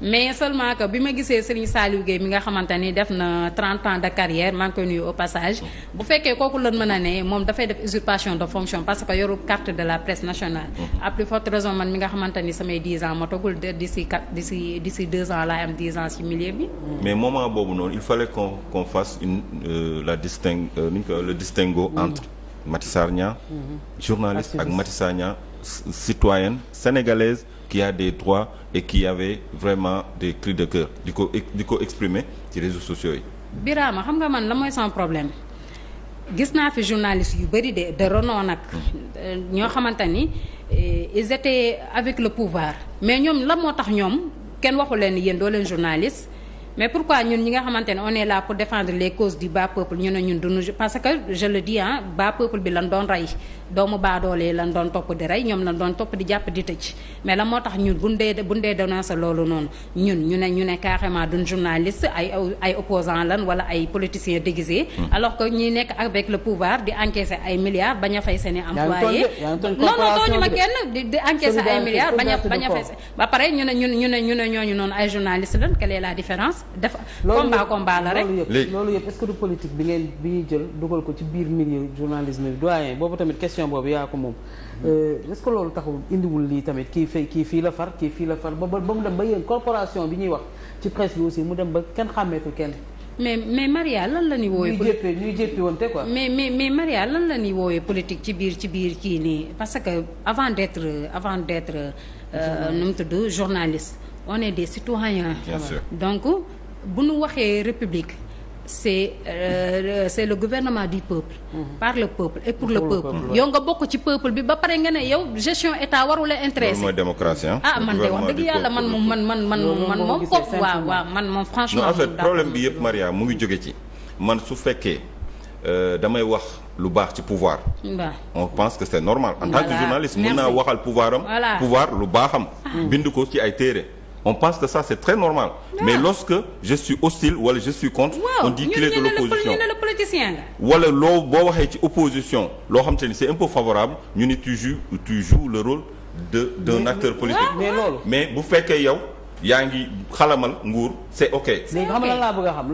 mais seulement que bi ma gisee Serigne Saliou Gueye mi nga xamante ni def na 30 ans de carrière maa ngi koy au passage bu fekkee kooku lan mën a ne moom dafay def usurpation de fonction parce que yoru carte de la presse nationale. Mm-hmm. à plus forte raison man mi nga xamante ni samay 10 ans ma togul d'ici 4 d'ici d'ici 2 ans laay am 10 ans ci milieu bi. Mm-hmm. mais moment boobu noonu il fallait qu'on qu'on fasse une euh, la distingue euh, le distinguo mm-hmm. entre. Maty Sarr Niang ak Maty Sarr Niang citoyenne qui a des droits et qui avait vraiment des cris de cœur di ko di ko exprimer ci réseaux sociaux yi. Birama xam nga man la mooy sans problème gis naa fi journaliste yu bëri de de renom nag mm-hmm. ñoo xamante ni eh, ils étaient avec le pouvoir mais ñoom la moo tax ñoom kenn waxu leen yéen doo leen journaliste. mais pourquoi ñun ñi nga xamante ne on est là pour défendre les causes du bas peuple ñu ne que je le dis doomu baadoolee lan doon topp di ñoom lan doon topp di jàpp di tëj mais la moo tax ñun buñ dee buñ dee loolu noonu ñun ñu ne ñu ne carrément duñ journaliste ay ay opposant lan wala ay politiciens déguisés hmm. alors que ñi nekk avec le pouvoir di encaisser ay milliards bañ a fay seen a bañ a fay ba pare ñu ne ñun ñu ñooñu noonu ay journalistes lan quelle la différence violence. def combat combat la rek loolu yëpp est du politique bi ngeen bi ñuy jël dugal ko ci biir milieu journalisme bi doyen boobu tamit question boobu yaa ko moom. Euh, est-ce que loolu taxul indiwul lii tamit kii fii kii fii la far kii fii la far ba ba mu dem ba yéen corporation bi ñuy wax ci presse bi aussi mu dem ba kenn xàmmeetul kenn. mais mais Maria lan la ñuy wooyee. ñuy jéppee ñuy jéppi woon te quoi. mais mais mais Maria lan la ñuy wooyee politique ci biir ci biir kii nii parce que avant d'être avant d'être euh, nu mu tudd on est des citoyens. Bien donc bu nu waxee république. c'est euh, c'est le gouvernement du peuple mhm. par le peuple et pour, pour le peuple yow nga bokk ci peuple bi ba pare nga ne yow gestion état warula intéressé mooy démocratie ah man de wax dëgg yàlla man moom man man man man moom ko waaw man moom franchement non en fait bi yëpp Maria mu ngi jóge ci man su fekkee euh, damay wax lu baax ci pouvoir on pense que c'est normal en tant que journaliste mën naa waxal pouvoir am pouvoir lu baaxam ah. bind ko ci ay téere on pense que ça c'est très normal mais lorsque je suis hostile wala je suis contre wow. on dit qu'il l'opposition wala loo boo waxee ci opposition loo xam te ni c'est un peu favorable ñu ni tu joues tu joues le rôle de d'un acteur politique mais bu fekkee yow yaa ngi xalamal nguur c'est ok c'est ok